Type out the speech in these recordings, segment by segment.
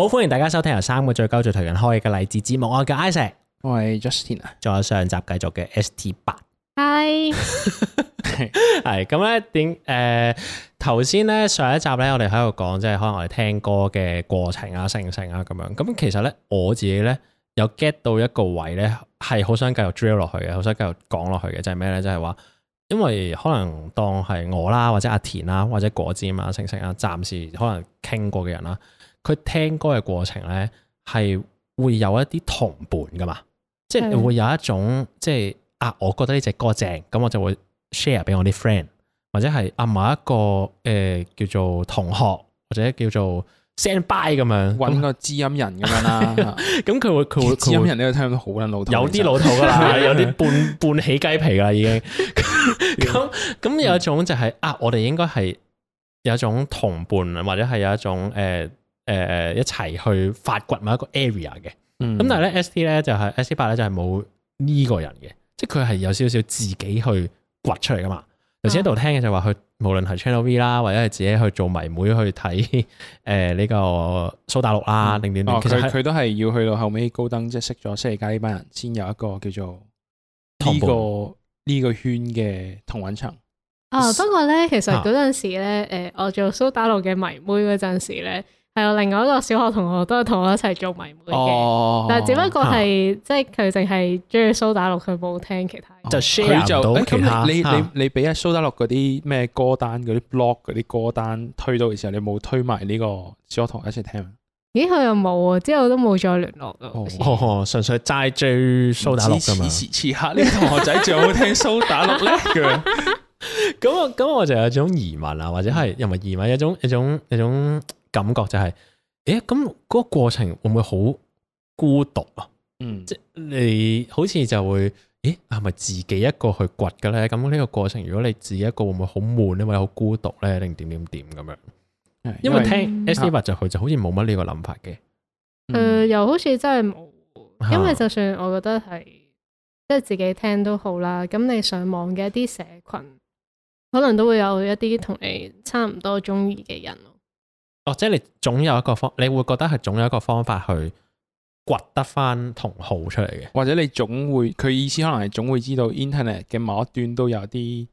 好歡迎大家收聽由三個最高最提人開嘅勵志節目，我叫 I 石，我係 Justin，仲有上集繼續嘅 ST8，係係咁咧點誒，頭先咧上一集咧 Hi、 呃、我哋喺度講即係可能我哋聽歌嘅過程啊，星星啊咁樣，咁其實咧我自己咧有 get 到一個位咧係好想繼續 drill 落去嘅，好想繼續講落去嘅，就係咩咧？就係話因為可能當係我啦，或者阿田啦，或者果子啊嘛，星星啊，暫時可能傾過嘅人啦。佢聽歌嘅過程咧，係會有一啲同伴噶嘛，即係會有一種的即係啊，我覺得呢隻隻歌正，咁、嗯、我就會 share 俾我啲 friend，或者係啊某一個誒、呃、叫做同學或者叫做 send by 咁樣，搵個知音人咁樣啦。咁佢、 嗯 嗯嗯、會佢會知音人咧，聽到好撚老土，有啲老土啦， 有啲半半起雞皮啦已經。咁咁有一種就係啊，我哋應該係有一種同伴，或者係有一種誒。誒、呃，一齊去發掘某一個 area 嘅，咁、嗯、但係咧，S T 咧就係、是、S T 八咧就係冇呢個人嘅，即係佢係有少少自己去掘出嚟噶嘛。頭先喺度聽嘅就話，佢無論係 Channel V 啦，或者係自己去做迷妹去睇，誒、呃、呢、這個蘇打綠啦，零點。哦，佢佢都係要去到後尾高登，即、就、係、是、識咗西爾街呢班人，先有一個叫做呢、這個呢步個圈嘅同溫層。啊、哦，不過咧，其實嗰陣時咧，誒，啊、我做蘇打綠嘅迷妹嗰陣時咧。係啊，另外一個小學同學都係同我一齊做迷妹嘅，但係只不過係即係佢淨係中意蘇打綠，佢冇聽其他。就 share 唔到其他。你你你俾阿蘇打綠嗰啲咩歌單嗰啲 blog 嗰啲歌單推到嘅時候，你冇推埋呢個小學同學一齊聽？咦，佢又冇啊，之後都冇再聯絡哦哦，純粹齋追蘇打綠噶嘛。此刻呢個同學仔仲會聽蘇打綠咧？咁我咁我就有種疑問啊，或者係又唔係疑問，一種一種一種。感覺就係、是，誒，咁嗰個過程會唔會好孤獨啊？嗯即，即你好似就會，誒，係咪自己一個去掘嘅咧？咁呢個過程，如果你自己一個，會唔會好悶咧，或者好孤獨咧，定點點點咁樣？因為聽 S T 八就佢就好似冇乜呢個諗法嘅。誒、嗯呃，又好似真係冇，因為就算我覺得係，即係、啊、自己聽都好啦。咁你上網嘅一啲社群，可能都會有一啲同你差唔多中意嘅人。或者、哦、你總有一個方，你會覺得係總有一個方法去掘得翻同好出嚟嘅，或者你總會，佢意思可能係總會知道 Internet 嘅某一段都有啲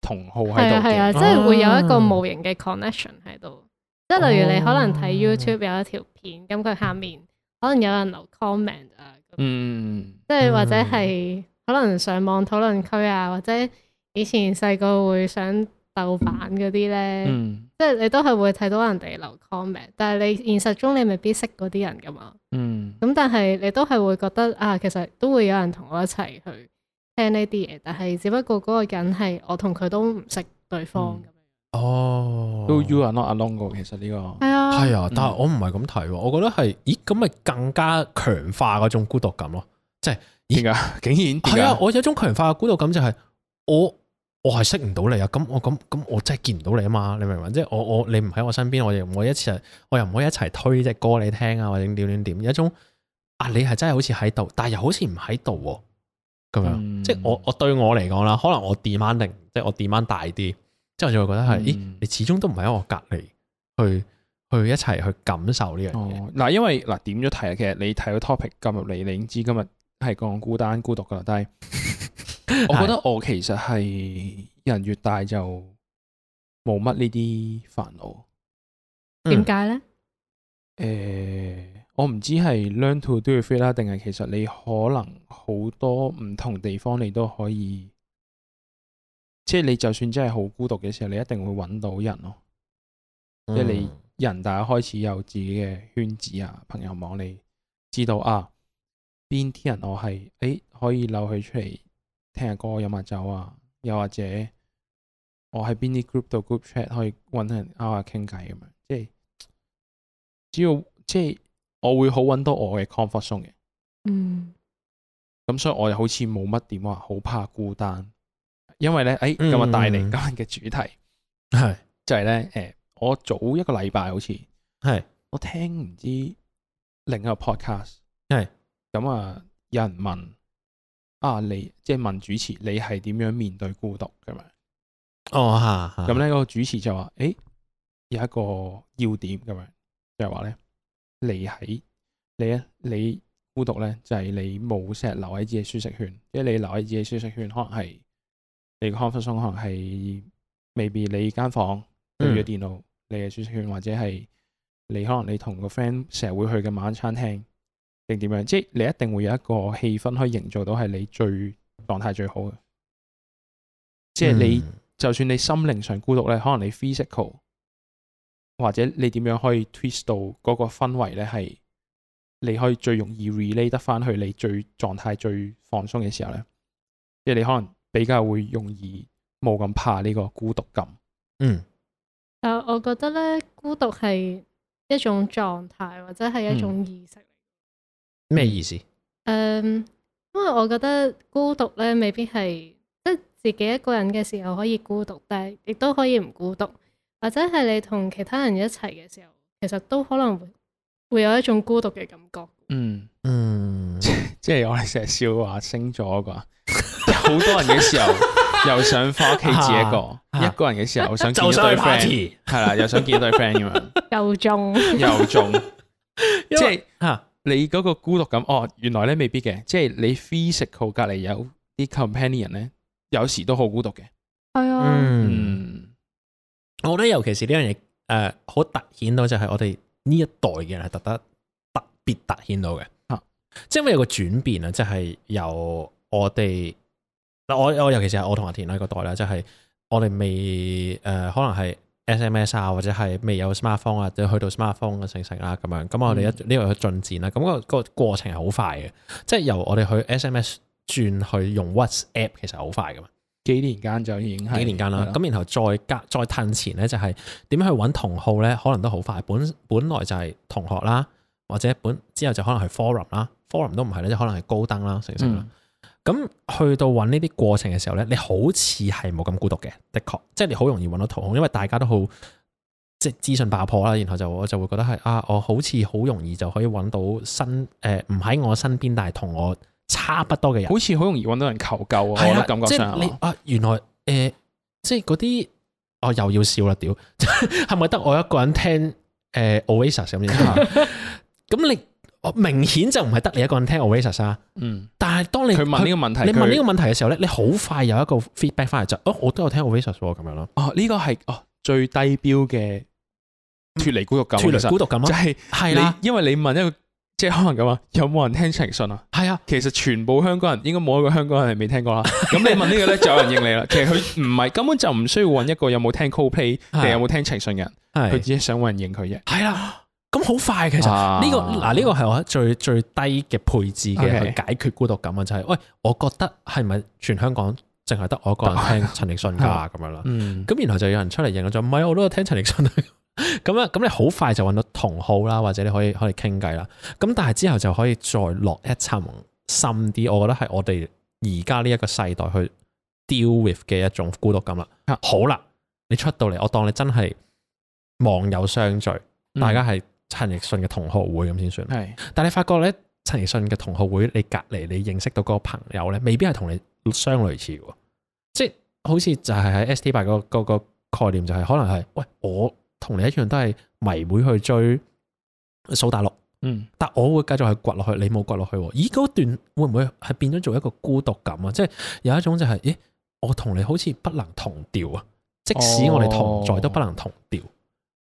同好喺度嘅，啊啊啊、即係會有一個無形嘅 connection 喺度。即係例如你可能睇 YouTube 有一條片，咁佢、啊、下面可能有人留 comment 啊嗯，嗯，即係或者係可能上網討論區啊，或者以前細個會想。豆瓣嗰啲咧，呢嗯、即係你都係會睇到人哋留 comment，但係你現實中你未必識嗰啲人噶嘛。咁、嗯、但係你都係會覺得啊，其實都會有人同我一齊去聽呢啲嘢，但係只不過嗰個人係我同佢都唔識對方咁樣、嗯。哦，都 you are not alone。其實呢、這個係啊，係、嗯、啊，但係我唔係咁睇，我覺得係，咦，咁咪更加強化嗰種孤獨感咯、啊。即係而家竟然係啊！我有一種強化嘅孤獨感，就係我。我係識唔到你啊！咁我咁咁，我真係見唔到你啊嘛！你明唔明？即係我我你唔喺我身邊，我又我一齊，我又唔可以一齊推隻歌你聽啊！或者點點點，有一種啊，你係真係好似喺度，但係又好似唔喺度咁樣。即係我我對我嚟講啦，可能我 demand 即係我 demand 大啲，之後就會覺得係，咦、欸？你始終都唔喺我隔離去，去去一齊去感受呢樣嘢。嗱、哦，因為嗱、呃、點咗題啊，其實你睇個 topic 撳入嚟，你已經知今日係講孤單、孤獨嘅啦。但係， 我覺得我其實係人越大就冇乜呢啲煩惱。點解呢？誒、欸，我唔知係 learn to do fit 啦，定係其實你可能好多唔同地方你都可以，即係你就算真係好孤獨嘅時候，你一定會揾到人咯。嗯、即係你人大開始有自己嘅圈子啊，朋友網，你知道啊，邊啲人我係誒可以撈佢出嚟。聽下歌，飲下酒啊，又或者我喺邊啲 group 度 group chat 可以搵人 out 下傾偈咁樣，即係只要即係我會好搵到我嘅 comfort zone 嘅。嗯，咁所以我又好似冇乜點話好怕孤單，因為咧，誒、哎，咁啊，帶嚟今日嘅主題係、嗯嗯、就係咧，誒、欸，我早一個禮拜好似係、嗯、我聽唔知另一個 podcast 係咁啊、嗯，有人問。啊！你即係問主持，你係點樣面對孤獨，咁樣哦吓，咁咧個主持就話誒、欸、有一個要點，咁樣就係話咧，你喺你啊，你孤獨咧，就係你冇成日留喺自己舒適圈，即係你留喺自己舒適圈，你嘅舒適圈可，可能係你個 comfort zone，可能係未必你間房對住電腦，嗯、你嘅舒適圈，或者係你可能你同個 friend 成日會去嘅晚餐廳。定點樣，即係你一定會有一個氣氛可以營造到係你最狀態最好嘅。即係你就算你心靈上孤獨咧，可能你 physical 或者你點樣可以 twist 到嗰個氛圍咧，係你可以最容易 relate 得翻去你最狀態最放鬆嘅時候咧。即係你可能比較會容易冇咁怕呢個孤獨感。嗯。但，我覺得咧，孤獨係一種狀態或者係一種意識。嗯咩意思？嗯，um, 因為我覺得孤獨咧，未必係即係自己一個人嘅時候可以孤獨，但係亦都可以唔孤獨，或者係你同其他人一齊嘅時候，其實都可能會有一種孤獨嘅感覺。嗯嗯，即係我哋成日笑話星座啩，好 多人嘅時候又想翻屋企自己一個， 一個人嘅時候想見對 party 係啦，又想見一對 friend 咁樣， 又中又中，即係吓。你嗰個孤獨感，哦，原來咧未必嘅，即係你 physical 隔籬有啲 companion 咧，有時都好孤獨嘅。係啊，嗯，嗯我覺得尤其是呢樣嘢，誒、呃，好凸顯到就係我哋呢一代嘅人係特得特別凸顯到嘅，啊，即係因為有個轉變啊，即係由我哋嗱我我尤其是係我同阿田嗰個代啦，即係我哋未誒、呃，可能係。S.M.S 啊，或者係未有 smartphone 啊，都去到 smartphone 嘅成式啦咁樣。咁我哋一呢、嗯那個嘅進展啦，咁個個過程係好快嘅，即係由我哋去 S.M.S 轉去用 WhatsApp，其實好快㗎嘛。幾年間就已經係幾年間啦。咁的然後再加再褪前咧，就係、是、點樣去揾同號咧？可能都好快。本本來就係同學啦，或者本之後就可能係 forum 啦，forum 都唔係咧，即可能係高登啦，成成啦。嗯咁去到揾呢啲過程嘅時候咧，你好似係冇咁孤獨嘅，的確，即係你好容易揾到同行，因為大家都好即係資訊爆破啦，然後我就我就會覺得係啊，我好似好容易就可以揾到身誒唔喺我身邊但係同我差不多嘅人，好似好容易揾到人求救啊，係啦的，我感覺上你啊，原來誒、呃，即係嗰啲，我、哦、又要笑啦，屌，係咪得我一個人聽誒、呃、，Oasis 咁樣咁你？ 明顯就唔係得你一個人聽 Oasis 啊，嗯，但係當你佢問呢個問題，你問呢個問題嘅時候咧，你好快有一個 feedback 翻嚟就，哦，我都有聽 Oasis 喎咁樣咯。哦，呢個係哦最低標嘅脫離孤獨感，脫離孤獨感就係係啦，因為你問一個即係可能咁啊，有冇人聽陳奕迅啊？係啊，其實全部香港人應該冇一個香港人係未聽過啦。咁你問呢個咧就有人應你啦。其實佢唔係根本就唔需要揾一個有冇聽 Coldplay 定有冇聽陳奕迅人，佢只係想揾人應佢啫。係啊。咁好快其實呢、啊呢個嗱呢、啊呢個係我最最低嘅配置嘅解決孤獨感啊，Okay. 就係、是、喂，我覺得係咪全香港淨係得我一個人聽陳奕迅㗎咁樣啦？咁、嗯、然後就有人出嚟認咗，唔係我都有聽陳奕迅，咁樣咁你好快就揾到同好啦，或者你可以可以傾偈啦。咁但係之後就可以再落一層深啲，我覺得係我哋而家呢一個世代去 deal with 嘅一種孤獨感啦。的好啦，你出到嚟，我當你真係網友相聚，大家係、嗯。陳奕迅嘅同學會咁先算，是但係你發覺咧，陳奕迅嘅同學會，你隔籬你認識到嗰個朋友咧，未必係同你相類似嘅，即係好似就係喺 ST8 個個概念就係可能係喂，我同你一樣都係迷妹去追數大陸，嗯，但我會繼續去掘落去，你冇掘落去，咦？嗰段會唔會係變咗做一個孤獨感啊？即係有一種就係、是、咦，我同你好似不能同調啊，即使我哋同在都不能同調。哦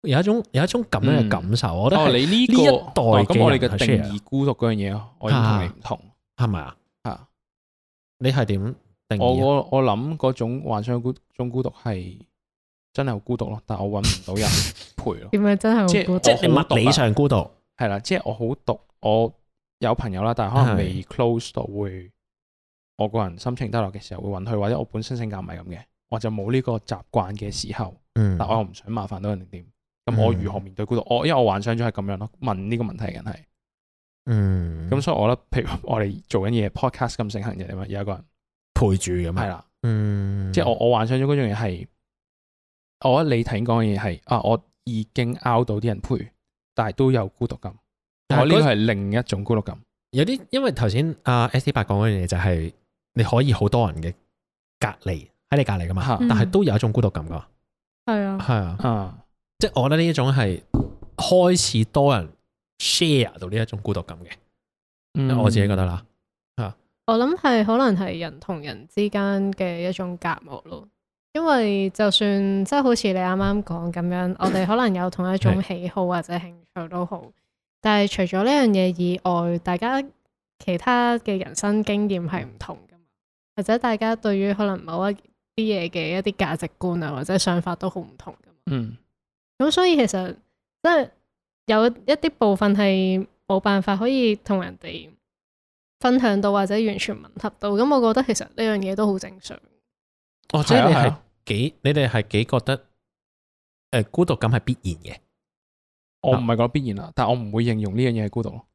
有一種有一種咁樣嘅感受，我覺得你呢一代嘅，咁我哋嘅定義孤獨嗰樣嘢，我同你唔同，係咪啊？係啊，你係點定義？我我我諗嗰種幻想孤種孤獨係真係好孤獨咯，但係我搵唔到人陪咯。點樣真係即係即係你物理上孤獨係啦，即係我好毒，我有朋友啦，但係可能未 close 到會，我個人心情低落嘅時候會搵佢，或者我本身性格唔係咁嘅，我就冇呢個習慣嘅時候，嗯，但我又唔想麻煩到人哋點。咁我如何面對孤獨？我因為我幻想咗係咁樣咯，問呢個問題嘅人係，嗯，咁所以我得，譬如我哋做緊嘢 podcast 咁盛行嘅，有一個人陪住咁係啦，嗯，即係我我幻想咗嗰種嘢係，我得你頭先講嘅嘢係啊，我已經 t 到啲人陪，但係都有孤獨感，我呢個係另一種孤獨感。有啲因為頭先阿 S T 八講嗰樣嘢就係，你可以好多人嘅隔離喺你隔離噶嘛，但係都有一種孤獨感噶，係啊，係啊，啊。即係我覺得呢一種係開始多人 share 到呢一種孤獨感嘅，嗯、我自己覺得啦吓。我諗係可能係人同人之間嘅一種隔膜咯，因為就算即係、就是、好似你啱啱講咁樣， 我哋可能有同一種喜好或者興趣都好，是但係除咗呢樣嘢以外，大家其他嘅人生經驗係唔同噶嘛，或者大家對於可能某一啲嘢嘅一啲價值觀啊或者想法都好唔同噶嘛。嗯。咁所以其實即係有一啲部分係冇辦法可以同人哋分享到或者完全吻合到，咁我覺得其實呢樣嘢都好正常。哦，即係你係幾，你哋係幾覺得誒、呃、孤獨感係必然嘅？No. 我唔係講必然啦，但係我唔會形容呢樣嘢係孤獨咯。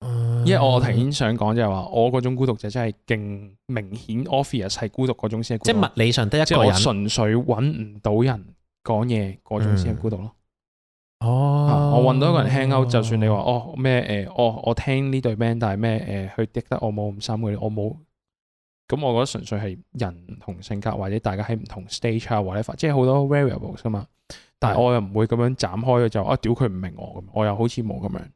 Mm. 因為我頭先想講就係話，我嗰種孤獨就真係勁明顯，obvious 係孤獨嗰種先係孤獨，即係即係物理上得一個人，純粹搵唔到人講嘢嗰種先係孤獨咯。哦、嗯啊，我搵到一個人 hang out、嗯，就算你話哦咩誒、呃哦，我我聽呢對 band，但係咩誒，佢、呃、聽得我冇咁深嘅，我冇。咁我覺得純粹係人同性格或者大家喺唔同 stage 啊 whatever 即係好多 variables 啊嘛。但係我又唔會咁樣斬開嘅，就啊屌佢唔明我咁，我又好似冇咁樣。嗯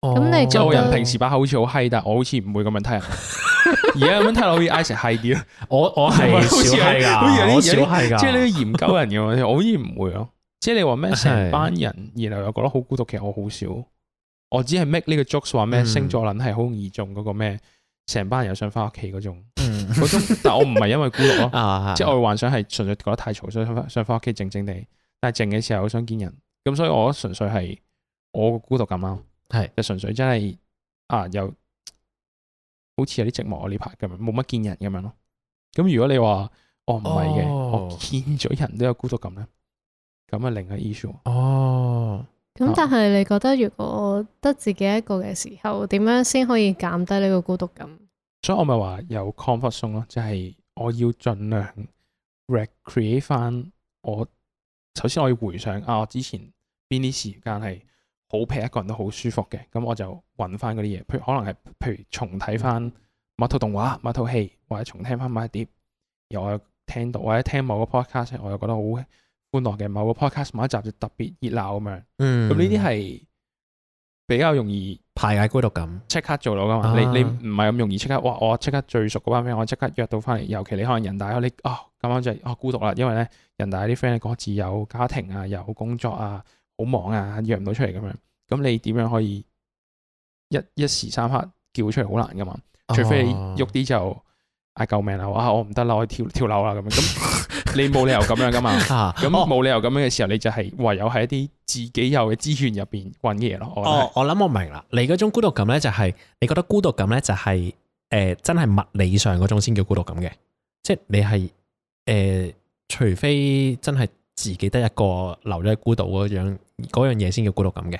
咁你、哦、即人平時把口好似好嗨，但我好似唔會咁樣睇人。而家咁樣睇落好似矮成嗨啲我我係少嗨噶，我少嗨噶。即係你個研究人嘅我， 我好似唔會咯。即係你話咩成班人，然後又覺得好孤獨。其實我好少，我只係 make 呢個 jokes 話咩星座撚係好容易中嗰個咩成班人又想翻屋企嗰種 種。但我唔係因為孤獨咯， 即係我幻想係純粹覺得太嘈，所以想翻想翻屋企靜靜地。但係靜嘅時候，好想見人。咁所以我純粹係我個孤獨感啦。係是就純粹真係啊，又好似有啲寂寞啊，呢排咁樣，冇乜見人咁樣咯。咁如果你話我唔係嘅，我見咗人都有孤獨感咧，咁啊另一個 issue 哦。咁但係你覺得如果得自己一個嘅時候，點樣先可以減低呢個孤獨感？所以我咪話有 comfort zone 咯，就係我要盡量 recreate 翻我。首先我要回想啊，我之前邊啲時間係。好平，一個人都好舒服嘅。咁我就揾翻嗰啲嘢，譬如可能係譬如重睇翻某套動畫、嗯、某套戲，或者重聽翻某碟，又我又聽到，或者聽某個 Podcast，我又覺得好歡樂嘅某個 Podcast 某一集就特別熱鬧咁樣。嗯，咁呢啲係比較容易排解孤獨感，即刻做到噶嘛？你你唔係咁容易即刻，哇！我即刻最熟嗰班 friend，我即刻約到翻嚟。尤其你可能人大，你哦，咁樣就啊、是哦、孤獨啦，因為咧人大啲 friend 你各自有家庭啊，有工作啊。好忙啊，約唔到出嚟咁樣，咁你點樣可以一一時三刻叫出嚟？好難噶嘛，哦、除非你喐啲就嗌、哎、救命啦，話我唔得啦，我跳跳樓啦咁樣。咁你冇理由咁樣噶嘛，咁冇、啊哦、理由咁樣嘅時候，你就係唯有喺一啲自己有嘅資源入邊揾嘢咯。我諗、哦、我唔明啦，你嗰種孤獨感咧、就是，就係你覺得孤獨感咧、就是，就係誒真係物理上嗰種先叫孤獨感嘅，即係你係誒、呃，除非真係。自己得一個留咗喺孤島嗰樣嘢先叫孤獨感嘅。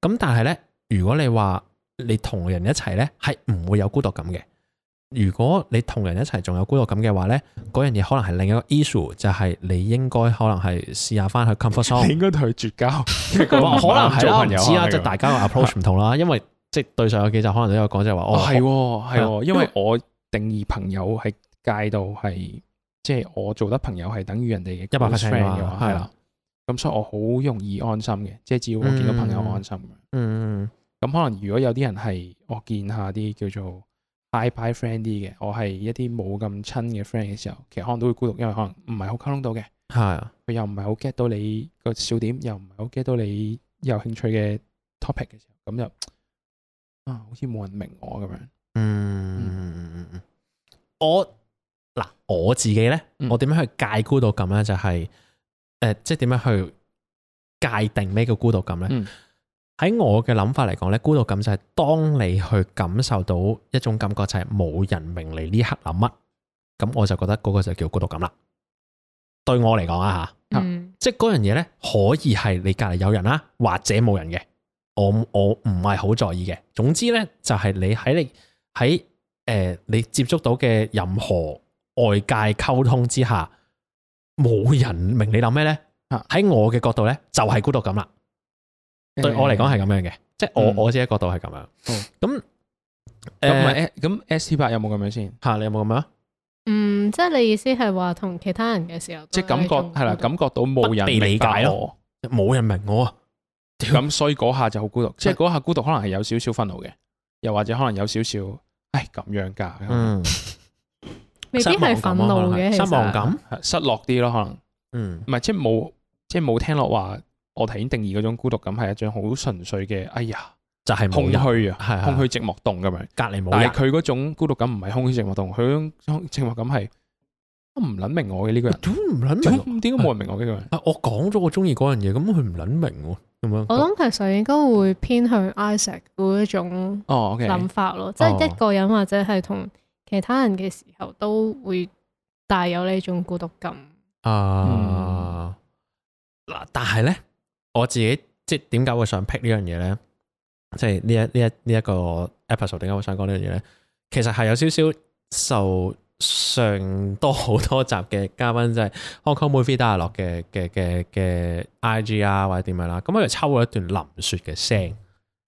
咁但係咧，如果你話你同人一齊咧，係唔會有孤獨感嘅。如果你同人一齊仲有孤獨感嘅話咧，嗰樣嘢可能係另一個 issue，就係、是、你應該可能係試下翻去 comfort zone。應該同佢絕交。朋友 可能係我唔知啊，即係 大家 approach 唔同啦。因為即係對上有幾集可能都有講，就係、是、話哦，係係、哦，啊、因為我定義朋友喺街度係。即係我做得朋友係等於人哋嘅一百分嘅話，係啦、啊，咁、啊、所以我好容易安心嘅。即係、嗯、只要我見到朋友安心嗯，嗯嗯，咁可能如果有啲人係我見下啲叫做 hi hi friend 啲嘅，我係一啲冇咁親嘅 friend 嘅時候，其實可能都會孤獨，因為可能唔係好溝通到嘅，係佢、啊、又唔係好 get 到你個笑點，又唔係好 get 到你有興趣嘅 topic 嘅時候，咁就啊，好似冇人明我咁樣。嗯嗯嗯嗯嗯，嗯我。嗱，我自己咧，嗯、我點樣去界定孤獨感咧？就係、是、誒、呃，即係點樣去界定咩叫孤獨感咧？喺、嗯、我嘅諗法嚟講咧，孤獨感就係當你去感受到一種感覺就，就係冇人明你呢刻諗乜，咁我就覺得嗰個就叫孤獨感啦。對我嚟講啊，吓、嗯，即係嗰樣嘢咧，可以係你隔籬有人啦，或者冇人嘅，我我唔係好在意嘅。總之咧，就係、是、你喺你喺誒，你接觸到嘅任何。外界溝通之下，冇人明你諗咩咧？喺我嘅角度咧，就係孤獨感啦。對我嚟講係咁樣嘅，即係我我自己角度係咁樣。咁咁 S T 八有冇咁樣先？吓，你有冇咁樣？嗯，即係你意思係話同其他人嘅時候，即係感覺係啦，感覺到冇人理解我，冇人明我。咁所以嗰下就好孤獨，即係嗰下孤獨可能係有少少憤怒嘅，又或者可能有少少唉，咁樣噶。未必係憤怒嘅，失望感、失落啲咯，可能，嗯，唔係即係冇即係冇聽落話。我頭先定義嗰種孤獨感係一種好純粹嘅，哎呀，就係空虛啊，空虛寂寞凍咁樣。隔離冇，但係佢嗰種孤獨感唔係空虛寂寞凍，佢種寂寞感係都唔諗明我嘅呢個人，點唔諗明？點解冇人明我呢個人？我講咗我中意嗰樣嘢，咁佢唔諗明喎，係咪？我諗其實應該會偏向 Isaac 嗰一種諗法咯，即係一個人或者係同。其他人嘅時候都會帶有呢種孤獨感。啊，嗱，嗯，但係咧，我自己即係點解會想 pick 呢樣嘢咧？即係呢一呢一呢一一個 episode，點解會想講呢樣嘢咧？其實係有少少受上多好多集嘅嘉賓，即係 Hong Kong Movie Dialogue 嘅嘅嘅嘅 IG 啊，或者點樣啦。咁我哋抽咗一段林雪嘅聲，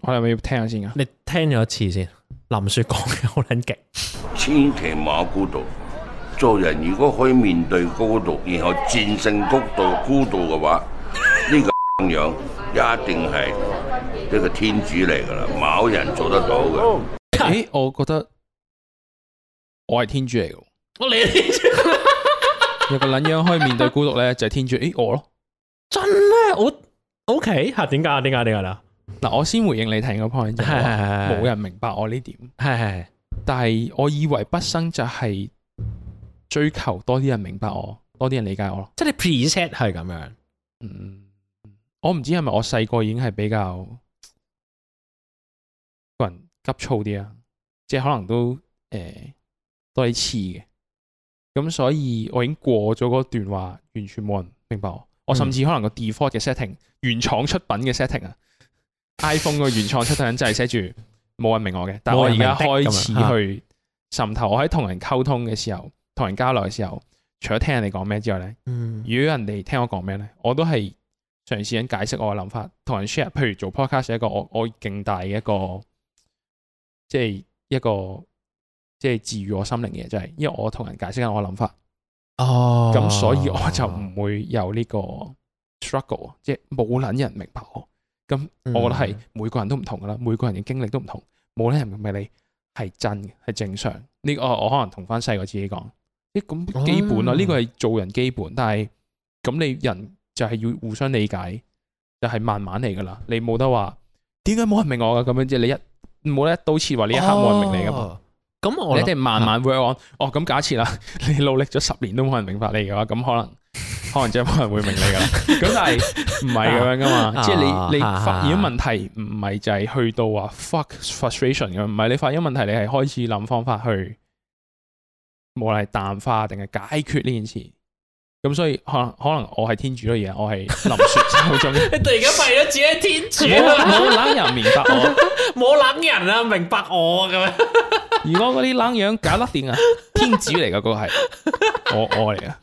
我哋咪要聽下先啊！你聽咗一次先。林雪講嘅好撚極，千祈唔好孤獨，做人如果可以面對孤獨，然後戰勝孤獨孤獨嘅話，呢個咁樣一定係一個天主嚟噶啦，冇人做得到嘅。誒， 我覺得我係天主嚟嘅，我嚟係天主，有個撚樣可以面對孤獨咧，就係天主。誒，我咯，真我、okay? 啊，我 OK 吓？點解？點解？點解啦？嗱，我先回應你提個 point，冇人明白我呢點， 但係我以為畢生就係追求多啲人明白我，多啲人理解我咯。即係你 preset 係咁樣，嗯，我唔知係咪我細個已經係比較個人急躁啲啊，即係可能都誒、呃、多啲黐嘅，咁所以我已經過咗嗰段話，完全冇人明白我。我甚至可能個 default 嘅 setting、嗯、原廠出品嘅 setting 啊。iPhone 嘅原創七筒就係寫住冇人明我嘅，但係我而家開始去滲透。我喺同人溝通嘅時候，同人交流嘅時候，除咗聽人哋講咩之外咧，嗯、如果人哋聽我講咩咧，我都係嘗試緊解釋我嘅諗法，同人 share。譬如做 podcast 係一個我我勁大嘅一個，即係一個即係治癒我心靈嘅嘢，就係因為我同人解釋緊我嘅諗法。哦，咁所以我就唔會有呢個 struggle，即係冇撚人明白我。咁、嗯、我覺得係每個人都唔同噶啦，每個人嘅經歷都唔同，冇人係唔明你係真嘅，係正常。呢、這個我可能同翻細個自己講，咁、欸、基本啊，呢、嗯、個係做人基本。但係咁你人就係要互相理解，就係、是、慢慢嚟噶啦。你冇得話點解冇人明我噶咁樣，即係你一冇得一刀切話呢一刻冇人明你噶嘛。咁你哋慢慢 work 哦，咁假設啦，你努力咗十年都冇人明白你嘅話，咁可能。可能真係冇人會明你噶，咁 但係唔係咁樣噶嘛？啊、即係你、啊啊、你發現咗問題唔係就係去到話 fuck frustration 咁，唔係你發現咗問題你係開始諗方法去，無論係淡化定係解決呢件事。咁所以可能可能我係天主嘅嘢，我係林雪之中。 你突然間發現咗自己係天主，冇撚 人明白我，冇撚 人啊明白我咁。如果嗰啲撚樣搞得掂啊， 天主嚟噶嗰個係我，我嚟噶。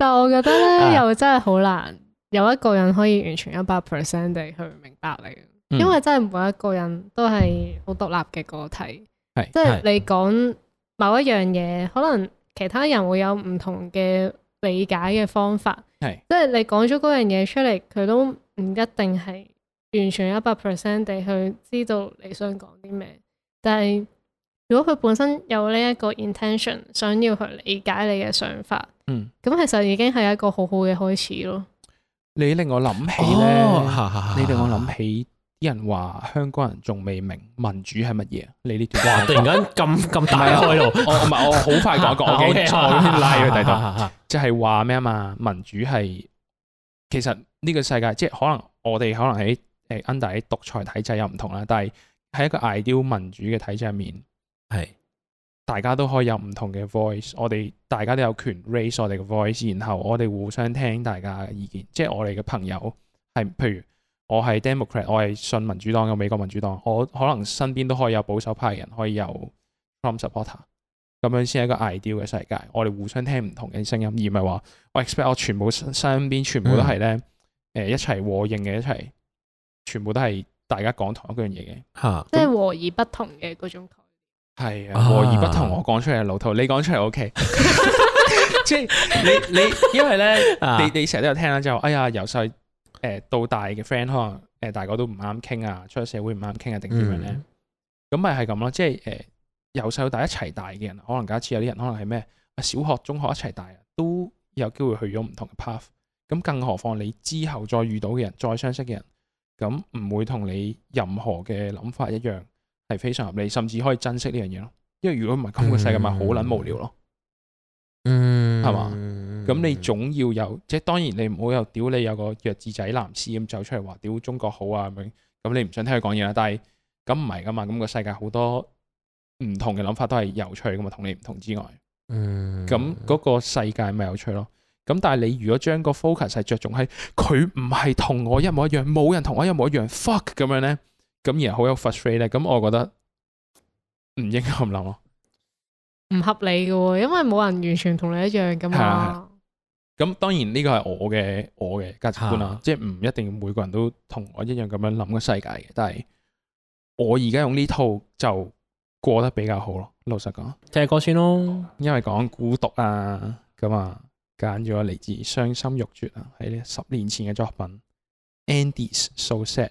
但我覺得咧，啊、又真係好難，有一個人可以完全一百 percent 地去明白你，嗯、因為真係每一個人都係好獨立嘅個體，嗯、即係你講某一樣嘢，嗯、可能其他人會有唔同嘅理解嘅方法，嗯、即係你講咗嗰樣嘢出嚟，佢都唔一定係完全一百 percent 地去知道你想講啲咩，但係，如果佢本身有呢一個 intention，想要去理解你嘅想法，嗯，咁其實已經係一個好好嘅開始咯。你令我諗起咧，哦、哈哈你令我諗起啲人話香港人仲未明民主係乜嘢。你呢段話哇，突然間咁咁大開口， 我唔係 我好快講講，我嘅菜先拉咗第二度，就係話咩啊嘛？民主係其實呢個世界，即係可能我哋可能喺誒 under 獨裁體制又唔同啦，但係喺一個 ideal 民主嘅體制入面。係，是大家都可以有唔同嘅 voice，我哋大家都有權 raise 我哋嘅 voice，然後我哋互相聽大家嘅意見，即係我哋嘅朋友係，譬如我係 Democrat，我係信民主黨嘅美國民主黨，我可能身邊都可以有保守派嘅人，可以有 Trump supporter，咁樣先係一個 ideal 嘅世界。我哋互相聽唔同嘅聲音，而唔係話我 expect 我全部身邊全部都係咧，誒、嗯呃、一齊和應嘅一齊，全部都係大家講同一樣嘢嘅，吓、嗯，即係那和而不同嘅嗰種。係啊，和而不同。我講出嚟係老套，你講出嚟 OK。即係 你你，因為咧， 你你成日都有聽啦，就哎呀，由細誒到大嘅 friend，可能誒，大家都唔啱傾啊，出咗社會唔啱傾啊，定點樣咧？咁咪係咁咯。即係誒，由細到大一齊大嘅人，可能假設有啲人，可能係咩？小學、中學一齊大，都有機會去咗唔同嘅 path。咁更何況你之後再遇到嘅人，再相識嘅人，咁唔會同你任何嘅諗法一樣。係非常合理，甚至可以珍惜呢樣嘢咯。因為如果唔係咁個世界，咪好捻無聊咯。嗯，係嘛？咁你總要有，即係當然你唔好又屌你有個弱智仔男士咁走出嚟，話屌中國好啊，咁你唔想聽佢講嘢啦。但係咁唔係噶嘛。咁、個世界好多唔同嘅諗法都係有趣噶嘛。同你唔同之外，咁嗰、嗯，個世界咪有趣咯。咁但係你如果將個 focus 係着重喺佢唔係同我一模一樣，冇人同我一模一樣，fuck 咁樣呢？咁而係好有 frustrate 咧，咁我覺得唔應該咁諗咯，唔合理嘅喎，因為冇人完全同你一樣噶嘛。咁、啊啊、當然呢個係我嘅我嘅價值觀啦、啊，啊、即係唔一定要每個人都同我一樣咁樣諗嘅世界嘅。但係我而家用呢套就過得比較好咯。老實講，就係歌先咯，因為講孤獨啊，咁、嗯、啊，揀咗嚟自「傷心欲絕啊，呢十年前嘅作品，Andy's So Sad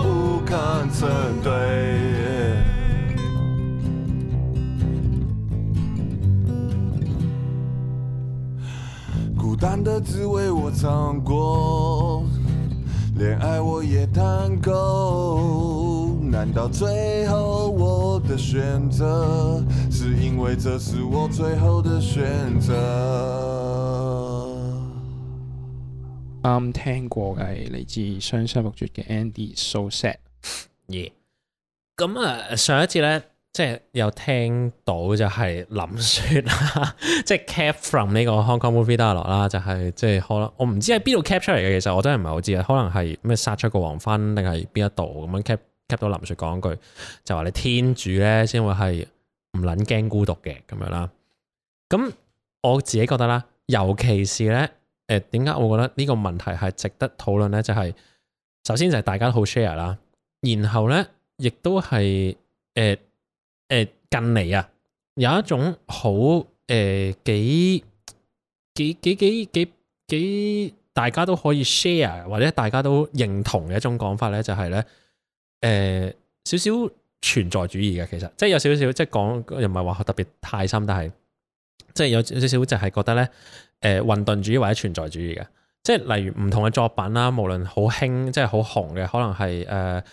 孤單的滋味我嘗過，戀愛我也談夠，難道最後我的選擇，是因為這是我最後的選擇？啱聽過嘅嚟自傷心欲絕嘅 Andy，So Sad。咁啊、yeah. 嗯！上一次咧，即係有聽到就係林雪啊， 即係 c a p from 呢個 Hong Kong movie download 啦，就係即係可能我唔知喺邊度 c a p 出嚟嘅，其實我真係唔係好知啊。可能係咩殺出個黃昏定係邊一度咁樣 c a p c a p 到林雪講句就話你天主咧，先會係唔捻驚孤獨嘅咁樣啦。咁我自己覺得啦，尤其是咧誒，點、呃、解我覺得呢個問題係值得討論咧？就係、是、首先就係大家都好 share 啦。然後呢，亦都係誒誒近嚟啊，有一種好誒幾幾幾幾幾幾大家都可以 share 或者大家都認同嘅一種講法咧，就是，就係咧誒少少存在主義嘅，其實即係有少少即係講又唔係話特別太深，但係即係有有少少就係覺得咧誒混沌主義或者存在主義嘅。即係例如唔同嘅作品啦，無論好興即係好紅嘅，可能係誒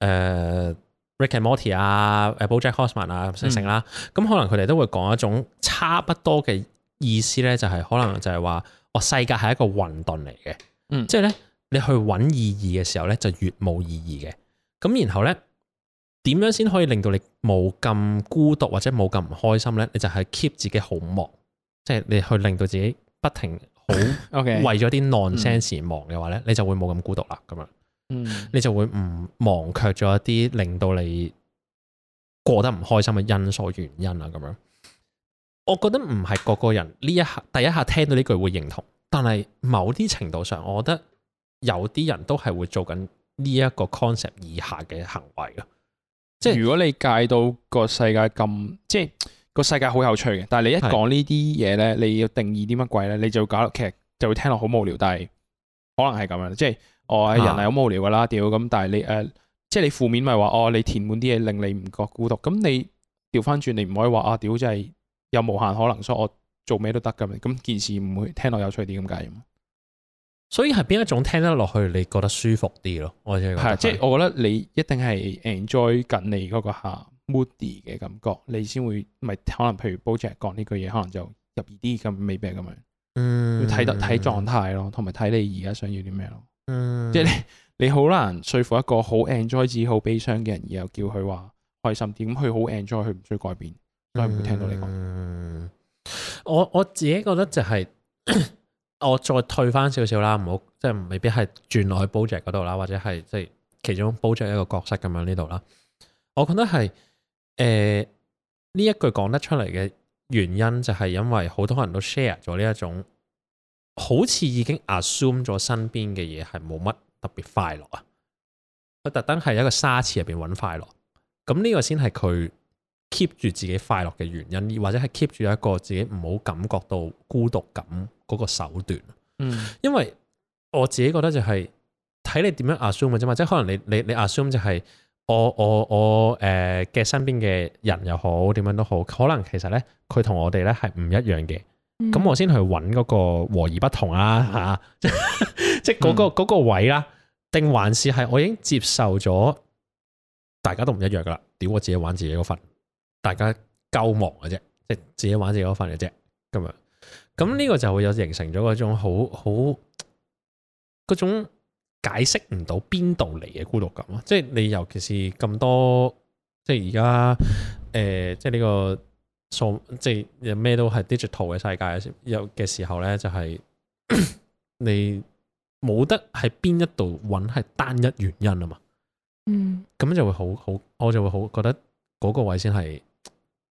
誒 Rick and Morty 啊，誒 BoJack Horseman 啊，成成啦，咁、嗯、可能佢哋都會講一種差不多嘅意思咧，就係可能就係話，我、哦、世界係一個混沌嚟嘅，即係咧你去搵意義嘅時候咧，就越冇意義嘅，咁然後咧點樣先可以令到你冇咁孤獨或者冇咁唔開心咧？你就係 keep 自己好忙，即、就、係、是、你去令到自己不停。好，Okay. 為咗啲 nonsense 而忙嘅話咧，嗯、你就會冇咁孤獨啦，咁樣，嗯，你就會唔忘卻咗一啲令到你過得唔開心嘅因素原因啦，咁樣，我覺得唔係個個人呢一下第一下聽到呢句會認同，但係某啲程度上，我覺得有啲人都係會做緊呢一個 concept 以下嘅行為啊，即係如果你介到個世界咁，即係。個世界好有趣嘅，但係你一講呢啲嘢咧，是你要定義啲乜鬼咧，你就搞落劇，就會聽落好無聊。但係可能係咁樣，即係我、哦、人係好無聊噶啦，屌咁、啊。但係你誒、呃，即係你負面咪話哦，你填滿啲嘢令你唔覺孤獨。咁你調翻轉，你唔可以話啊，屌、呃、真係有無限可能，所以我做咩都得噶嘛。咁件事唔會聽落有趣啲咁解。所以係邊一種聽得落去你覺得舒服啲咯？我係即係，我覺得你一定係 enjoy 緊你嗰個下。moody 嘅感覺，你先會咪可能譬如 BoJack 講呢句嘢，可能就特別啲咁，未必係咁樣。嗯、hmm.，要睇得睇狀態咯，同埋睇你而家想要啲咩咯。嗯、mm，hmm. 即係你好難説服一個好 enjoy 至好悲傷嘅人，然後叫佢話開心啲。咁佢好 enjoy，佢唔需要改變，都係唔會聽到你講。Mm hmm. 我我自己覺得就係、是、 我再退翻少少啦，唔好即係未必係轉落去 BoJack 嗰度啦，或者係即係其中 BoJack 一個角色咁樣呢度啦。我覺得係。誒、呢、呃、一句講得出嚟嘅原因就係因為好多人都 share 咗呢一種，好似已經 assume 咗身邊嘅嘢係冇乜特別快樂啊。佢特登係一個沙池入邊揾快樂，咁呢個先係佢 keep 住自己快樂嘅原因，或者係 keep 住一個自己唔好感覺到孤獨感嗰個手段。嗯，因為我自己覺得就係、是、睇你點樣 assume 嘅啫嘛，即係或者可能你你你 assume 就係、是。我我我誒嘅身邊嘅人又好，點樣都好，可能其實咧佢同我哋咧係唔一樣嘅，咁、嗯、我先去揾嗰個和而不同啦、啊，吓、啊，即係嗰個、嗯、個位啦、啊，定還是係我已經接受咗大家都唔一樣噶啦？屌，我自己玩自己嗰份，大家夠忙嘅啫，即係自己玩自己嗰份嘅啫，咁樣，咁呢個就會有形成咗嗰種好好嗰種。解釋唔到邊度嚟嘅孤獨感啊！即係你尤其是咁多，即係而家誒，即係呢、呢個數，即係咩都係 digital 嘅世界，有嘅時候咧，就係、係、你冇得喺邊一度揾係單一原因啊嘛。嗯，咁就會好好，我就會好覺得嗰個位先係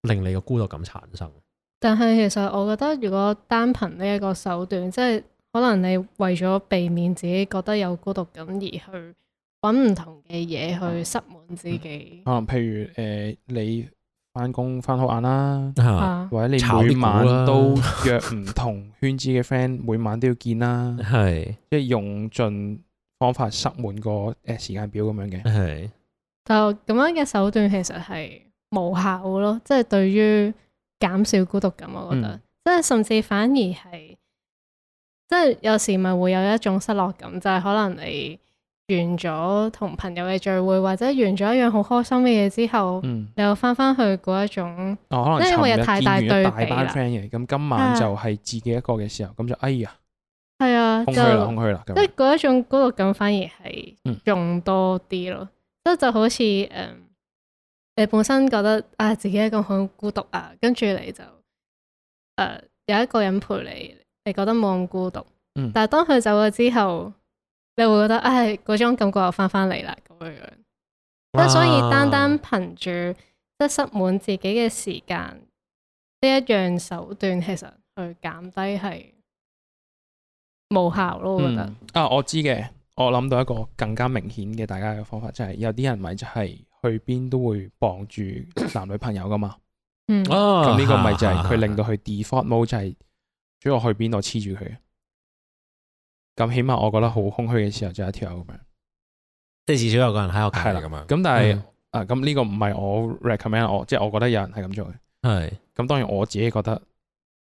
令你嘅孤獨感產生。但係其實我覺得，如果單憑呢一個手段，即係。可能你為咗避免自己覺得有孤獨感，而去搵唔同嘅嘢去塞滿自己。啊，可能譬如誒，你翻工翻好晏啦，或者你每晚都約唔同圈子嘅 friend，、啊、 每晚都要見啦，係 即係用盡方法塞滿個誒時間表咁樣嘅。係是，但係咁樣嘅手段其實係無效咯，即、就、係、是、對於減少孤獨感，我覺得即係、嗯、甚至反而係。即係有時咪會有一種失落感，就係、是、可能你完咗同朋友嘅聚會，或者完咗一樣好開心嘅嘢之後，嗯，又翻翻去嗰一種哦，可能因為太大對比啦。咁今晚就係自己一個嘅時候，咁、啊、就哎呀，係啊，空虛啦，就空虛啦。即係嗰一種孤獨感，反而係仲多啲咯。即係、嗯、就好似誒，um, 你本身覺得啊自己一個好孤獨啊，跟住你就誒、啊、有一個人陪你。你覺得冇咁孤獨，嗯、但係當佢走咗之後，你會覺得唉，嗰種感覺又翻返嚟啦咁樣樣。哇所以單單憑住即係塞滿自己嘅時間呢一樣手段，其實去減低係無效咯。我覺得啊，我知嘅，我諗到一個更加明顯嘅大家嘅方法，就係、是、有啲人咪就係去邊都會傍住男女朋友噶嘛。哦、嗯，咁呢、啊、個咪就係佢令到佢 default mode 就係、是。所以我去邊度黐住佢嘅，咁起碼我覺得好空虛嘅時候就，就一條友咁樣，即係至少有個人喺度。係啦，咁、嗯、啊，咁但係啊，咁呢個唔係我 recommend，我即係我覺得有人係咁做嘅。係的，咁當然我自己覺得，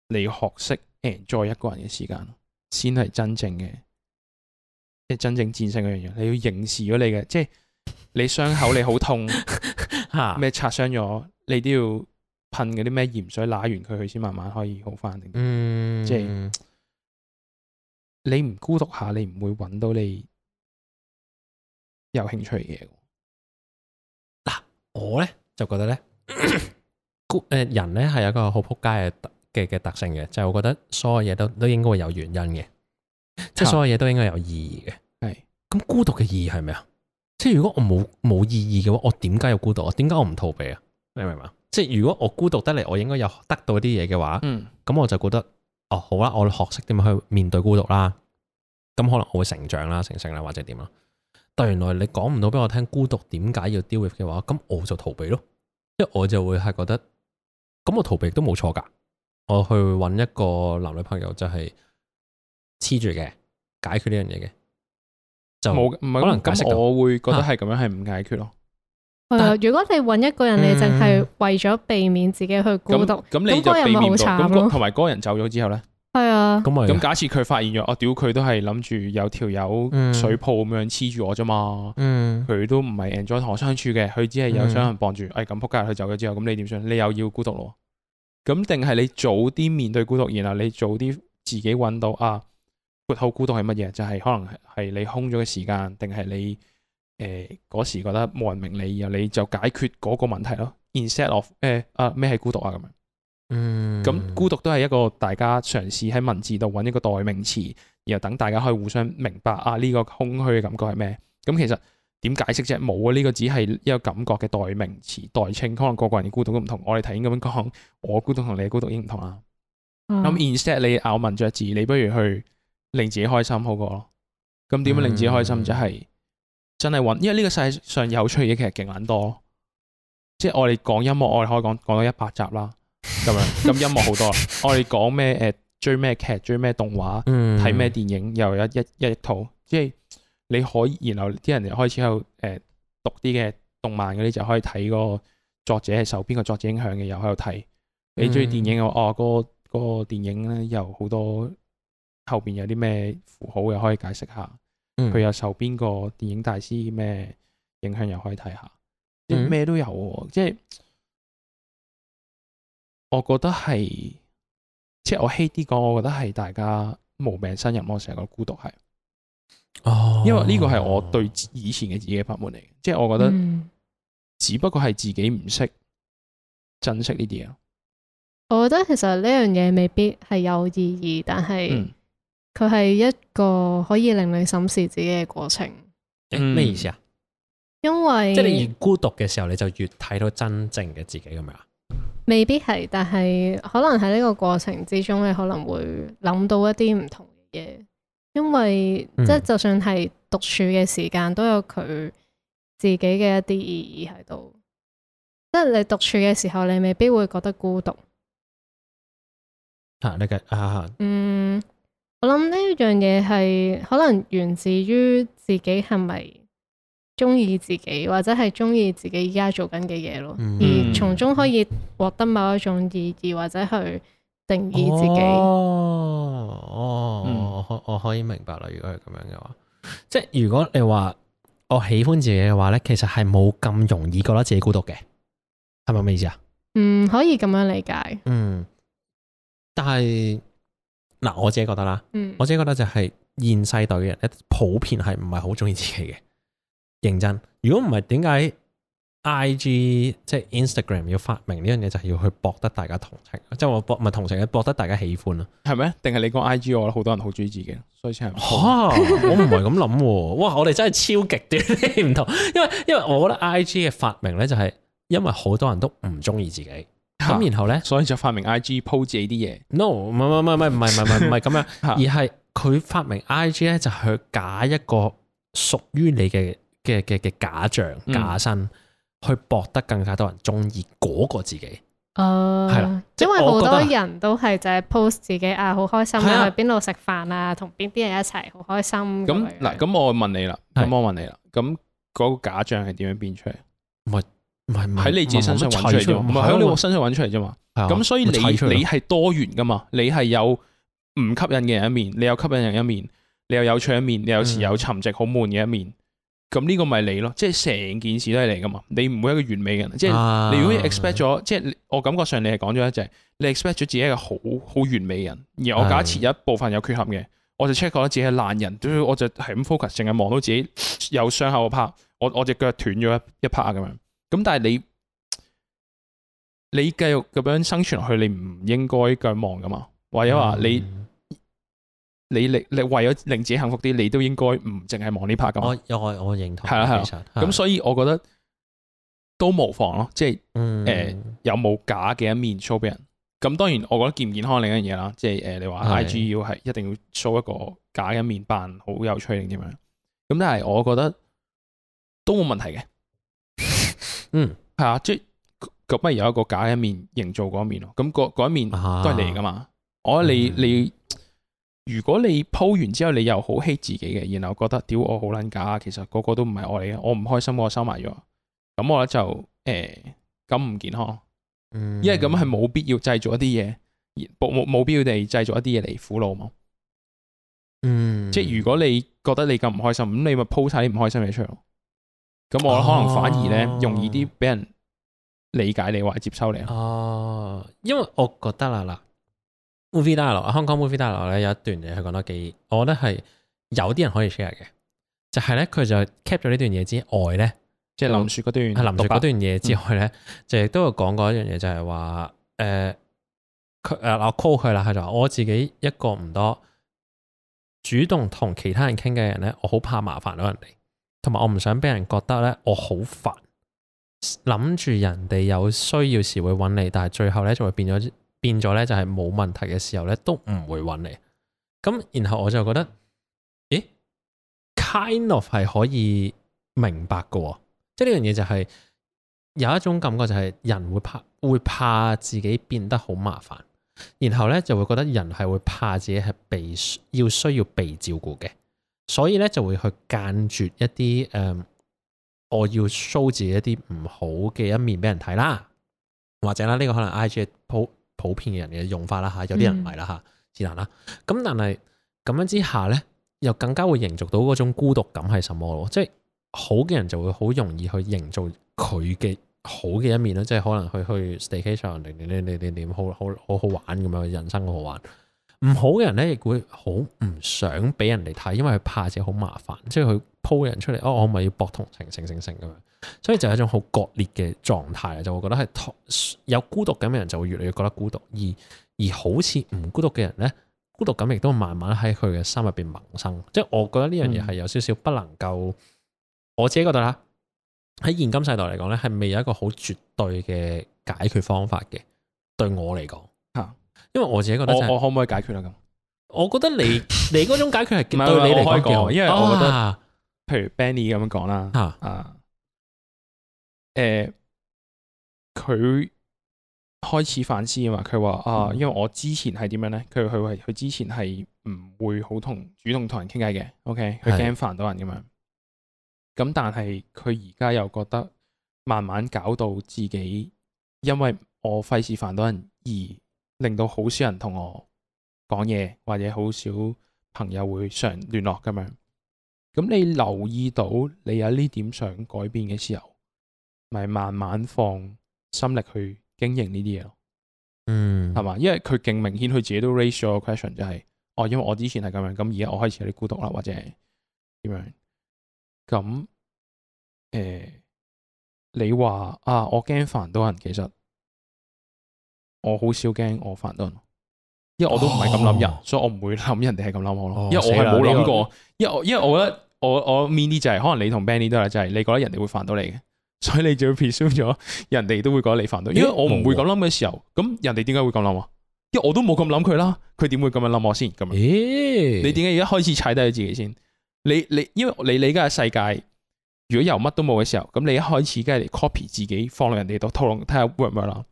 你要學識 enjoy、哎、一個人嘅時間，先係真正嘅，即係真正戰勝嗰樣嘢。你要凝視咗你嘅，即、就、係、是、你傷口你好痛，咩 擦傷咗，你都要。噴嗰啲咩鹽水，拉完佢，佢先慢慢可以好返。嗯，即係你唔孤獨下，你唔會揾到你有興趣嘅嘢。嗱、嗯，我咧就覺得咧孤、誒，人咧係有一個好仆街嘅嘅特性嘅，就係、是、我覺得所有嘢都都應該會有原因嘅，臭即係所有嘢都應該有意義嘅。係咁是孤獨嘅意義係咩啊？即係如果我冇冇意義嘅話，我點解要孤獨啊？點解我唔逃避啊？你明唔明？即係如果我孤獨得嚟，我應該有得到啲嘢嘅話，咁、嗯、我就覺得，哦好啦，我學識點去面對孤獨啦，咁可能我會成長啦、成熟啦，或者點啦。但原來你講唔到俾我聽孤獨點解要 deal with 嘅話，咁我就逃避咯，即係我就會係覺得，咁我逃避都冇錯噶，我去搵一個男女朋友就係黐住嘅，解決呢樣嘢嘅，就冇可能解釋，我會覺得係咁樣係唔解決咯。但如果你搵一個人，你淨係為咗避免自己去孤獨，咁你人咪好慘咯。同埋人走咗之後咧，係啊，咁假設佢發現咗，我屌佢都係諗住有條友水泡咁樣黐住我咋嘛，佢、嗯、都唔係 enjoy 同我相處嘅，佢只係有雙人傍住。嗯、哎，咁仆街，佢走咗之後，咁你點算？你又要孤獨咯？咁定係你早啲面對孤獨，然後你早啲自己搵到啊？好孤獨係乜嘢？就係、是、可能係你空咗嘅時間，定係你？嗰、呃、時覺得冇人明你，然後你就解決嗰個問題咯。Instead of，誒、欸、啊咩係孤獨啊咁樣，嗯，咁孤獨都係一個大家嘗試喺文字度揾一個代名詞，然後等大家可以互相明白啊呢、這個空虛嘅感覺係咩？咁其實點解釋啫？冇啊，呢、這個只係一個感覺嘅代名詞代稱，可能個個人嘅孤獨都唔同。我哋提咁樣講，我孤獨同你孤獨已經唔同啦。咁、嗯、Instead 你咬文嚼字，你不如去令自己開心好過。咁點樣令自己開心？就係、嗯。真係搵，因為呢個世界上有趣嘅嘢其實勁捻多，即係我哋講音樂，我哋可以講講到一百集啦，咁樣咁音樂好多， 我哋講咩誒追咩劇，追咩動畫，睇咩電影，又有一一一套，即係你可以，然後啲人又開始喺度誒讀啲嘅動漫嗰啲，就可以睇個作者係受邊個作者影響嘅，又喺度睇， 你中意電影嘅話哦，個個電影咧又好多後邊有啲咩符號，又可以解釋下。佢又、嗯、受邊個電影大師咩影響又可以睇下，啲咩都有，嗯、即係我覺得係，即係我希啲講，我覺得係大家無病呻吟我成個孤獨係，哦，因為呢個係我對以前嘅自己嘅發問嚟，嘅、哦，即係我覺得只不過係自己唔識珍惜呢啲啊，嗯、我覺得其實呢樣嘢未必係有意義，但係，嗯佢係一個可以令你審視自己嘅過程，咩、嗯、意思啊？因為即係你越孤獨嘅時候，你就越睇到真正嘅自己，咁樣、嗯？未必係，但係可能喺呢個過程之中，你可能會諗到一啲唔同嘅嘢，因為、嗯、即係就算係獨處嘅時間，都有佢自己嘅一啲意義喺度。即係你獨處嘅時候，你未必會覺得孤獨。吓、啊，你嘅啊，嗯。我諗呢樣嘢係可能源自於自己係咪中意自己，或者係中意自己依家做緊嘅嘢咯，嗯、而從中可以獲得某一種意義，或者去定義自己。哦，哦，可、嗯、我，我可以明白啦。如果係咁樣嘅話，即係如果你話我喜歡自己嘅話咧，其實係冇咁容易覺得自己孤獨嘅，係咪咩意思啊？嗯，可以咁樣理解。嗯，但係。嗱，我自己覺得啦，嗯、我自己覺得就係現世代嘅，人普遍係唔係好中意自己嘅。認真，如果唔係點解 I G 即係 Instagram 要發明呢樣嘢，就係、係、要去博得大家同情，即係我博唔係同情，係博得大家喜歡啦。係咪？定係你講 I G，我覺得好多人好中意自己，所以先係、啊。我唔係咁諗， 哇！我哋真係超極端唔同， 因為因為我覺得 I G 嘅發明咧，就係因為好多人都唔中意自己。嗯咁然後咧，所以就發明 I G post 自己啲嘢。No，唔唔唔唔唔唔唔唔係咁樣， 而係佢發明 I G 咧，就去假一個屬於你嘅嘅嘅嘅假象假身，嗯、去博得更加多人中意嗰個自己。哦、嗯，係啦了，因為好多人都係就係 post 自己、嗯、啊，好開心啦，邊度食飯啊，同邊啲人一齊好開心。咁嗱、啊，咁、啊、我問你啦，咁是我問你啦，咁嗰個假象係點樣變出嚟？唔係。唔係喺你自己身上揾出嚟，唔係喺你我身上揾出嚟啫嘛。咁所以你你係多元噶嘛？你係有唔吸引嘅人一面，你有吸引人一面，你又有趣一面，你有時有沉寂好悶嘅一面。咁呢個咪你咯？即係成件事都係你噶嘛？你唔會一個完美人。即係你如果 expect 咗，即係我感覺上你係講咗一隻，你 expect 咗自己一個好好完美人，而我假設有一部分有缺陷嘅，我就 check 過啦，自己係爛人，所以我就係咁 focus，淨係望到自己有傷口嘅 part 我我隻腳斷咗一 part 咁樣。咁但係你你繼續咁樣生存落去，你唔應該咁望噶嘛？或者話你、嗯、你你你為咗令自己幸福啲，你都應該唔淨係望呢拍。咁我又我我認同。係啦係啦。咁所以我覺得都無妨咯，即係誒有冇假嘅一面 show 俾人、嗯？咁當然，我覺得健唔健康另一樣嘢啦。即係誒，你話 IG 要係一定要 show 一個假嘅面扮好是有趣定點樣？咁但係我覺得都冇問題嘅。嗯，係啊，即係咁咪如有一個假一面，營造嗰一面咯。咁、那、嗰、個那個、一面都係你嚟噶嘛？啊、我你、嗯、你，如果你鋪完之後，你又好欺自己嘅，然後覺得屌我好捻假，其實個個都唔係我嚟嘅，我唔開心，我收埋咗。咁我咧就誒，咁、呃、唔健康。嗯、因為咁樣係冇必要製造一啲嘢，冇冇必要地製造一啲嘢嚟苦惱嘛。嗯，嗯即係如果你覺得你咁唔開心，咁你咪鋪晒啲唔開心嘅出咯。咁我可能反而咧容易啲俾人理解你，啊、或者接收你哦，啊，因為我覺得啦嗱，Movie Dialogue，香港 Movie Dialogue 咧有一段嘢，佢講得幾，我覺得係有啲人可以 share 嘅。就係咧，佢就 kept 咗呢段嘢之外咧，即係，嗯嗯、林雪嗰段，嗯、林雪嗰段嘢之外咧，嗯、就亦都有講過一樣嘢，呃呃、就係話誒，佢誒我 call 佢啦，佢就話我自己一個唔多主動同其他人傾嘅人咧，我好怕麻煩到人哋。同埋我唔想俾人覺得咧，我好煩。諗住人哋有需要時會揾你，但係最後咧就會變咗變咗咧，就係冇問題嘅時候咧都唔會揾你。咁然後我就覺得，咦，kind of 係可以明白㗎，即係呢樣嘢就係有一種感覺就係人會怕會怕自己變得好麻煩，然後咧就會覺得人係會怕自己係被要需要被照顧嘅。所以咧就會去隔絕一啲誒、嗯，我要 show 自己一啲唔好嘅一面俾人睇啦，或者啦呢個可能 IG 普普遍嘅人嘅用法啦吓，有啲人唔係啦吓，是但啦。咁但係咁樣之下咧，又更加會營造到嗰種孤獨感係什麼咯？即係好嘅人就會好容易去營造佢嘅好嘅一面咯，即係可能去去 staycation，你你你你你好好好好玩咁樣，人生好好玩。唔好嘅人咧，亦會好唔想俾人哋睇，因為佢怕自己好麻煩，即係佢鋪人出嚟，哦，我咪要博同情，性性性咁樣，所以就係一種好割裂嘅狀態，就會覺得係有孤獨感嘅人就會越嚟越覺得孤獨，而而好似唔孤獨嘅人咧，孤獨感亦都慢慢喺佢嘅心入邊萌生，即係我覺得呢樣嘢係有少少不能夠、嗯、我自己覺得啦，喺現今世代嚟講咧，係未有一個好絕對嘅解決方法嘅，對我嚟講。因為我自己覺得我，我可唔可以解決啊？咁，我覺得你你嗰種解決係點樣對你嚟講，因為我覺得，啊、譬如 Benny 咁樣講啦，啊，誒、啊，佢開始反思啊嘛。佢話啊，因為我之前係點樣咧？佢佢佢之前係唔會好同主動同人傾偈嘅。OK，佢驚煩到人咁樣。咁的但係佢而家又覺得慢慢搞到自己，因為我費事煩到人而。令到好少人同我講嘢，或者好少朋友會常聯絡咁樣。咁你留意到你有呢點想改變嘅時候，咪慢慢放心力去經營呢啲嘢咯。嗯，係嘛？因為佢勁明顯，佢自己都 raise 咗個 question，就係、是、哦，因為我之前係咁樣，咁而家我開始有啲孤獨啦，或者點樣？咁誒、呃，你話啊，我驚煩到人，其實。我好少驚我煩到，因為我都唔係咁諗人，噢所以我唔會諗人哋係咁諗我咯。噢因為我係冇諗過，因為噢因為我覺得我我 mean 呢就係、是、可能你同 Benny 都係，就係、是、你覺得人哋會煩到你嘅，所以你就要 assume 咗人哋都會覺得你煩到。因為我唔會咁諗嘅時候，咁人哋點解會咁諗？因為我都冇咁諗佢啦，佢點會咁樣諗我先？咁樣，咦，你點解要一開始踩低你自己先？你你因為你你而家嘅世界，如果由乜都冇嘅時候，咁你一開始梗係 copy 自己放落人哋度套用，睇下 work 唔 work 啦。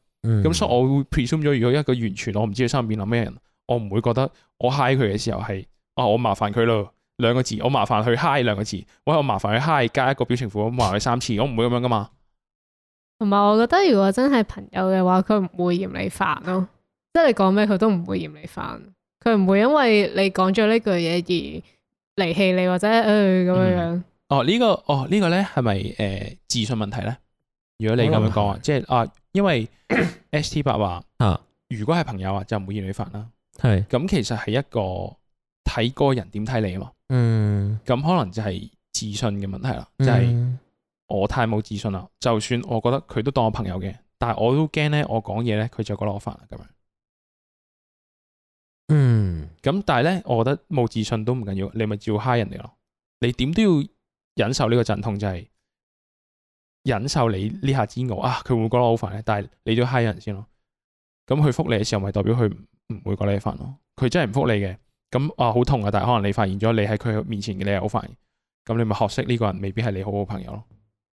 咁所以我會 presume 咗，如果一個完全我唔知佢心入面諗咩人，我唔會覺得我嗨佢嘅時候係啊我麻煩佢咯，兩個字，我麻煩佢嗨兩個字，我係我麻煩佢嗨加一個表情符，麻煩佢三次，我唔會咁樣噶嘛。同埋我覺得如果真係朋友嘅話，佢唔會嫌你煩咯，即係你講咩佢都唔會嫌你煩，佢唔會因為你講咗呢句嘢而離棄你或者誒咁樣樣。嗯、哦、呢個哦呢個咧係咪誒自信問題咧？如果你咁樣講、就是、啊，即係啊，因為 ST8 話啊，如果係朋友啊，就唔會嫌你煩啦。係咁，其實係一個睇個人點睇你啊嘛。嗯，咁可能就係自信嘅問題啦。嗯、就係我太冇自信啦，就算我覺得佢都當我朋友嘅，但係我都驚咧，我講嘢咧，佢就覺得我煩啦咁樣。嗯，咁但係咧，我覺得冇自信都唔緊要，你咪照嗨人哋咯。你點都要忍受呢個陣痛，就係、是。忍受你呢下煎熬啊，佢會唔會覺得我好煩咧。但係你都 hi 人先咯。咁佢復你嘅時候，咪代表佢唔會覺得你煩咯。佢真係唔復你嘅，咁啊好痛啊。痛但係可能你發現咗，你喺佢面前，嘅你係好煩。咁你咪學識呢個人，未必係你好好朋友咯。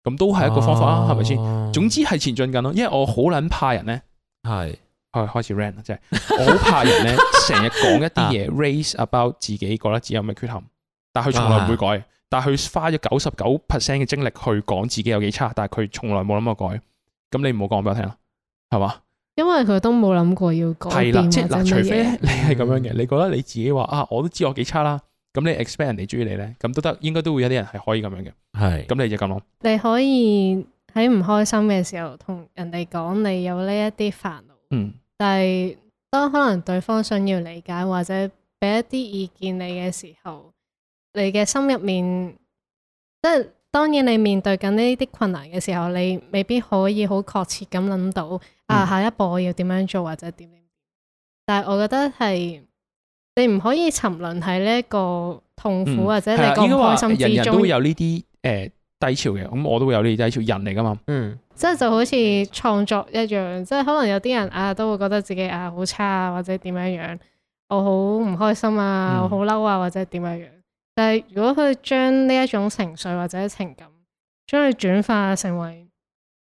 咁都係一個方法啊，係咪先？總之係前進緊咯。因為我好撚怕人咧，係開是開始 ran 即係，就是、我好怕人咧，成日講一啲嘢 raise about 自己覺得自己有咩缺陷，但係佢從來唔會改。但係佢花咗九十九 percent 嘅精力去講自己有幾差，但係佢從來冇諗過改。咁你唔好講俾我聽啦，係嘛？因為佢都冇諗過要改了。係啦，即除非你係咁樣嘅，嗯、你覺得你自己話啊，我都知我幾差啦。咁你 expect 人哋中意你咧？咁都得，應該都會有啲人係可以咁樣嘅。係是，咁你就咁咯。你可以喺唔開心嘅時候同人哋講你有呢一啲煩惱。嗯，但係當可能對方想要理解或者俾一啲意見你嘅時候。你嘅心入面，即係當然你面對緊呢啲困難嘅時候，你未必可以好確切咁諗到啊，下一步我要點樣做或者點點。嗯、但係我覺得係你唔可以沉淪喺呢一個痛苦或者你個唔開心之中。嗯、人人都會有呢啲誒低潮嘅，咁我都會有呢啲低潮。人嚟噶嘛，嗯，即係就好似創作一樣，即係可能有啲人啊都會覺得自己啊好差啊，或者點樣樣，我好唔開心啊，嗯、我好嬲啊，或者點樣樣。但係，如果佢將呢一種情緒或者情感，將佢轉化成為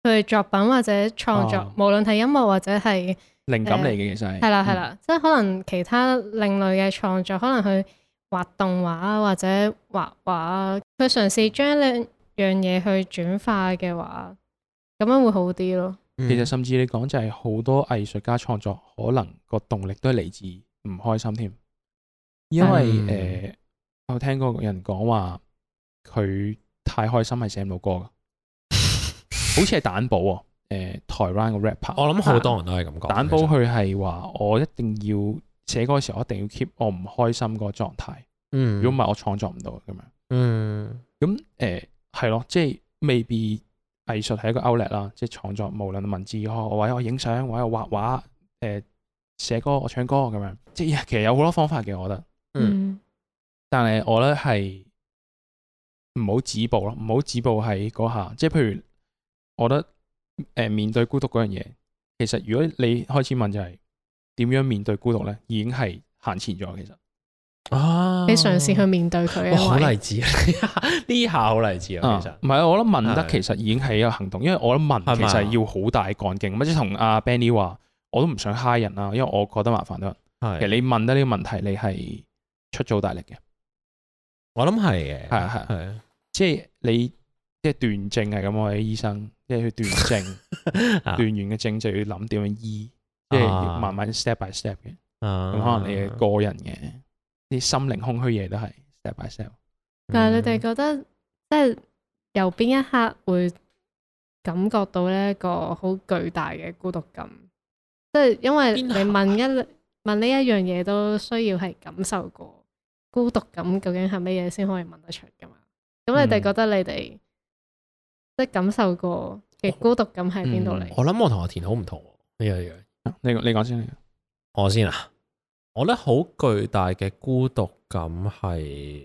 佢作品或者創作，啊、無論係音樂或者係靈感嚟嘅，其實係啦係啦，啊嗯、即係可能其他另類嘅創作，可能去畫動畫或者畫畫，佢嘗試將兩樣嘢去轉化嘅話，咁樣會好啲咯。嗯、其實甚至你講就係好多藝術家創作，可能個動力都係嚟自唔開心添，因為誒。嗯呃我聽過有人講話，佢太開心係寫唔到歌噶， 好似係蛋堡啊！誒、呃，台灣個 rapper，我諗好多人都係咁講。蛋堡佢係話：我一定要寫歌嘅時候，我一定要 keep 我唔開心嗰個狀態。嗯，如果唔係，我創作唔到咁樣。嗯，咁誒係咯，即係 maybe 藝術係一個 outlet 啦，即係創作。無論文字，我或者我影相，或者我畫畫，誒寫歌，我唱歌咁樣，即係其實有好多方法嘅。我覺得，嗯。但係我咧係唔好止步咯，唔好止步喺嗰下。即係譬如，我覺得誒面對孤獨嗰樣嘢，其實如果你開始問就係點樣面對孤獨咧，已經係行前咗。其實啊，你嘗試去面對佢、哦、 啊，好勵志啊！呢下好勵志啊！其實唔係啊，我諗問得其實已經係一個行動，的因為我諗問其實要好大幹勁。咪吧即同阿 Benny 話，我都唔想 h 人啦，因為我覺得麻煩啦。的其實你問得呢個問題，你係出咗好大力嘅。我諗係嘅，係啊係啊，即係你即係斷症係咁，我係醫生，即係去斷症 斷完嘅症就要諗點樣醫， 即係慢慢 step by step 嘅。咁 可能你個人嘅啲 心靈空虛嘢都係 step by step。嗯、但係你哋覺得即係由邊一刻會感覺到呢一個好巨大嘅孤獨感，即係因為你問一問呢一樣嘢都需要係感受過。下孤獨感究竟係乜嘢先可以問得出噶嘛？咁你哋覺得你哋即感受過嘅孤獨感係邊度嚟？我諗我同阿田好唔同，啊。呢，呢個呢，呢個，你，你講先。我先啊！我咧好巨大嘅孤獨感係，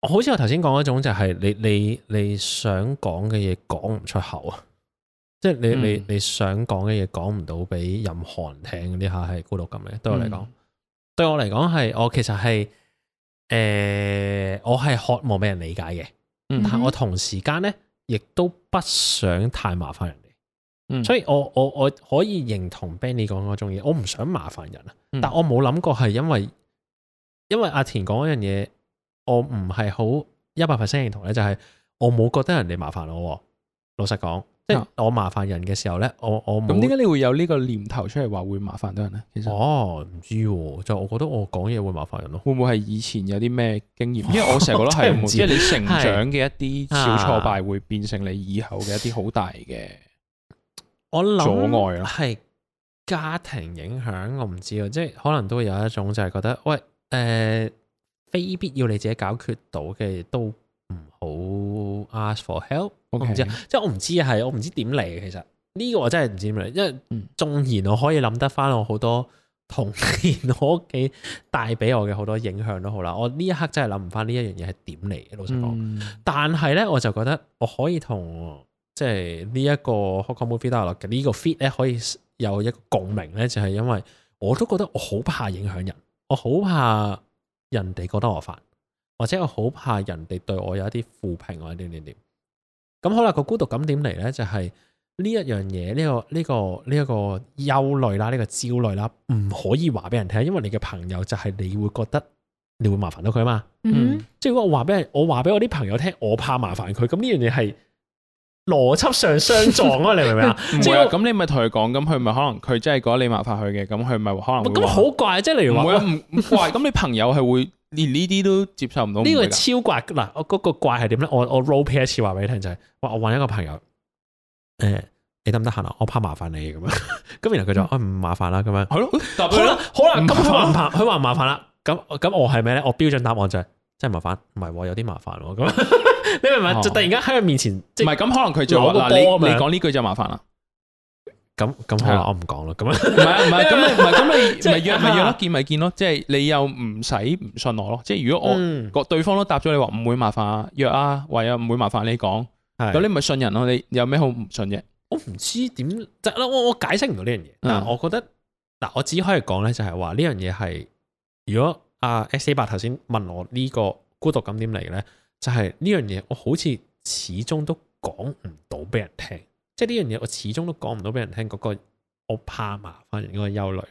好似我頭先講嗰種就，就係你，你，你想講嘅嘢講唔出口啊！即係你、嗯、你你想講嘅嘢講唔到俾任何人聽，呢下係孤獨感嚟。對我嚟講，嗯、對我嚟講係我其實係誒、呃，我係渴望俾人理解嘅，嗯、但係我同時間咧，亦都不想太麻煩人哋。嗯、所以我，我我我可以認同 Benny 講嗰種嘢，我唔想麻煩人啊。但我冇諗過係因為因為阿田講一樣嘢，我唔係好一百 percent 認同咧，就係、是、我冇覺得人哋麻煩我。老實講。即係我麻煩人嘅時候咧，我我冇。咁點解你會有呢個念頭出嚟，話會麻煩到人咧？其實哦，唔知、啊、就、我覺得我講嘢會麻煩人咯、啊。會唔會係以前有啲咩經驗？因為我成日覺得係即係你成長嘅一啲小挫敗，會變成你以後嘅一啲好大嘅、啊。我諗阻礙啦。係家庭影響，我唔知啊，即係可能都會有一種就係覺得，喂，誒、呃，非必要你自己解決到嘅都。唔好 ask for help，我唔知，啊，即係我唔知係我唔知點嚟嘅。其實呢個我真係唔知點嚟，因為縱然我可以諗得翻我好多童年我屋企帶俾我嘅好多影響都好啦，我呢一刻真係諗唔翻呢一樣嘢係點嚟嘅。老實講，嗯、但係咧我就覺得我可以同即係、這個，呢一個 common feeling 嘅呢個 feel 咧可以有一個共鳴咧，就係、是、因為我都覺得我好怕影響人，我好怕人哋覺得我煩。或者我好怕人哋對我有一啲負評或點點點，咁好啦，個孤獨感點嚟？咧，就係、是、呢一樣嘢，呢、呢個呢、呢個呢一、呢個憂慮啦，呢、呢個焦慮啦，唔可以話俾人聽，因為你嘅朋友就係你會覺得你會麻煩到佢啊嘛。嗯，嗯，即係如果我話俾人，我話俾我啲朋友聽，我怕麻煩佢，咁呢樣嘢係邏輯上相撞啊！ 你明唔明啊？唔會啊？咁你咪同佢講，咁佢咪可能佢真係覺得你麻煩佢嘅，咁佢咪可能咁好怪即、啊、係例如話唔、啊、 怪，咁你朋友係會。 連呢啲都接受唔到，呢個超怪嗱！我嗰個怪係點咧？我我 roll 皮一次話俾你聽就係，我我搵一個朋友，誒，你得唔得閒啊？我怕麻煩你咁樣，咁然後佢就，唔麻煩啦咁樣，係咯，好啦，好啦，咁佢話麻佢話麻煩啦，咁咁我係咩咧？我標準答案就係，真係麻煩，唔係話有啲麻煩咯，咁你明唔明？就突然間喺佢面前，唔係咁可能佢做一個波，你講呢句就麻煩啦。咁咁好啦，的我唔講啦。咁啊，唔係唔係，咁 你唔係咁你咪約咪約咯，見咪見咯，就是。即係你又唔使唔信我咯。即係如果我個對方都答咗你話唔會麻煩約啊，話又唔會麻煩你講。咁的你咪信人咯。你有咩好唔信嘅，就是？我唔知點，即係我我解釋唔到呢樣嘢。嗱，我覺得嗱，但我只可以講咧，就係話呢樣嘢係，如果阿 st8 頭先問我呢個孤獨感點嚟咧，就係呢樣嘢，我好似始終都講唔到俾人聽。即呢樣嘢，我始終都講唔到俾人聽嗰個，我怕麻煩人嘅憂慮。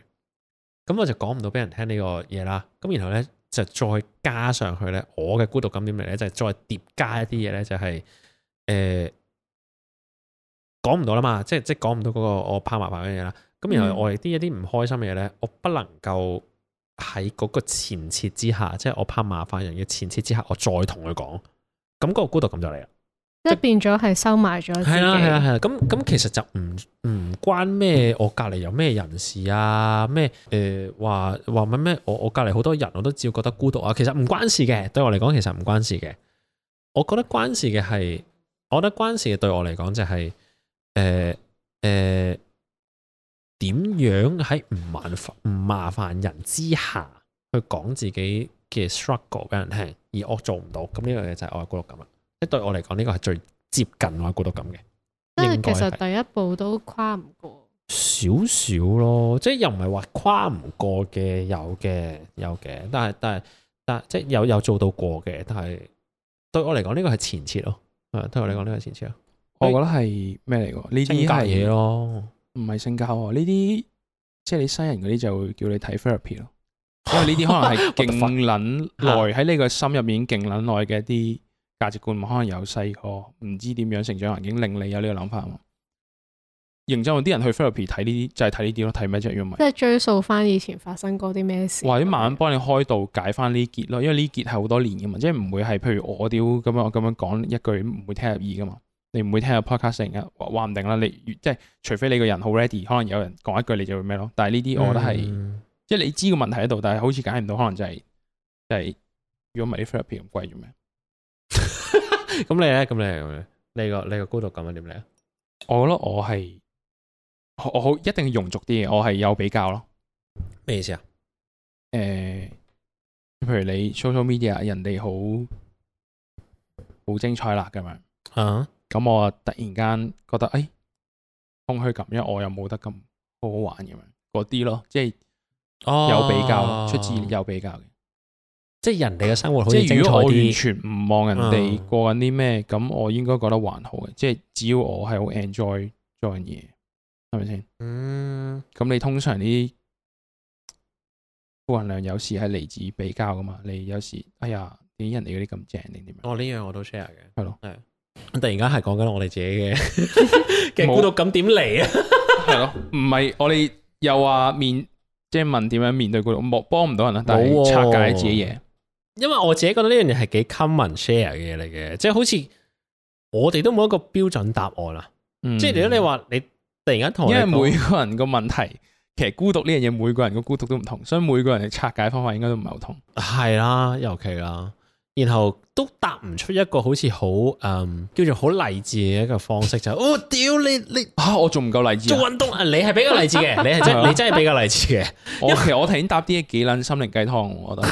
咁我就講唔到俾人聽呢個嘢啦。咁然後咧就再加上去咧，我嘅孤獨感點嚟咧，就係再疊加一啲嘢咧，就係，誒，講唔到啦嘛。即係即係講唔到嗰個我怕麻煩嘅嘢啦。咁、嗯、然後我哋啲一啲唔開心嘅嘢咧，我不能夠喺嗰個前設之下，即係我怕麻煩人嘅前設之下，我再同佢講。咁嗰個孤獨感就嚟啦。即、就係、變咗係收埋咗。係啦、啊，係啦、啊，係啦、啊。咁咁，其實就唔唔關咩，我隔籬有咩人事啊？咩誒，話話乜咩？我我隔籬好多人，我都只要覺得孤獨啊。其實唔關事嘅，對我嚟講，其實唔關事嘅。我覺得關事嘅係，我覺得關事嘅對我嚟講就係誒誒，點、呃呃、樣喺唔麻煩唔麻煩人之下，去講自己嘅 struggle 俾人聽，而我做唔到，咁呢樣嘢就係我嘅孤獨感啦。即對我嚟講，呢、呢個係最接近我嘅孤獨感嘅。因為其實第一步都跨唔過少少咯，即係又唔係話跨唔過嘅，有嘅有嘅，但係但係但即係有有做到過嘅，但係對我嚟講，呢個係前設咯。啊，對我嚟講，呢個係前設咯。我，設我覺得係咩嚟？喎，呢啲係嘢咯，唔係性交喎。呢啲即係你西人嗰啲就會叫你睇 therapy 咯，因為呢啲可能係勁撚耐喺呢個心入面勁撚耐嘅一啲。價值觀可能有細個，唔知點樣成長環境令你有呢個諗法啊？認真啲人去 therapy 睇呢啲，就係睇呢啲咯。睇咩啫？如果唔係即係追溯翻以前發生過啲咩事。或者慢慢幫你開導解翻呢結咯，因為呢結係好多年嘅嘛，即係唔會係譬如我屌咁樣咁樣講一句唔會聽入耳噶嘛，你唔會聽入 podcasting 嘅，話唔定啦。你即係除非你個人好 ready，可能有人講一句你就會咩咯。但係呢啲我覺得係、嗯、即係你知個問題喺度，但係好似解唔到，可能就係、係、就係如果唔係啲 therapy 咁貴做咩？咁 你咧？咁你呢，你個你個孤獨感點咧？我覺得我係我我一定要融族啲嘅，我係有比較咯。咩意思啊？誒、呃，譬如你 social media，人哋好好精彩啦，咁樣啊？咁我突然間覺得誒、哎、空虛感，因為我又冇得咁好好玩咁樣嗰啲咯，即係有比較，啊、出自有比較嘅。即係人哋嘅生活好似精彩啲。即係如果我完全唔望人哋過緊啲咩，咁、嗯、我應該覺得還好嘅。即係只要我係好 enjoy 做緊嘢，係咪先？嗯。咁你通常呢？負能量有時係嚟自比較噶嘛？你有時哎呀，點人哋嗰啲咁正，定點樣？哦，呢樣我都 share 嘅。係咯的。係。突然間係講緊我哋自己嘅， 嘅孤獨感點嚟啊？係咯。 唔係，我哋又話面，即、就、係、是、問點樣面對孤獨，幫唔到人啊，但係拆解自己嘢。因為我自己覺得呢樣嘢係幾 common share 嘅嘢嚟嘅，即係好似我哋都冇一個標準答案啦。嗯、即係如果你話你突然間同，因為每個人個問題，其實孤獨呢樣嘢，每個人個孤獨都唔同，所以每個人嘅拆解方法應該都唔係好同。係啦、嗯啊，尤其啦，然後都答唔出一個好似好誒，叫做好勵志嘅一個方式就是 哦啊，我屌你你我仲唔夠勵志做運動啊？動你係比較勵志嘅，你係真你真係比較勵志嘅。其實 我頭先答啲嘢幾撚心靈雞湯，我覺得。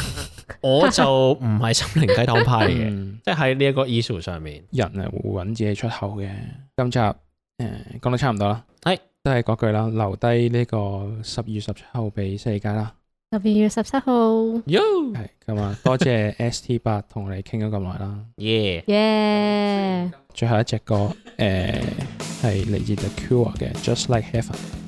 我就唔係心靈雞湯派嘅， 即係喺呢一個 issue 上面，人係會揾自己出口嘅。今集誒講得差唔多啦，係是都係嗰句啦，留低呢個十二月十七號俾世界啦。十二月十七號，係咁啊！多謝 ST S T 八同你傾咗咁耐啦。耶，耶！最後一隻歌誒係嚟自 The Cure 嘅 Just Like Heaven。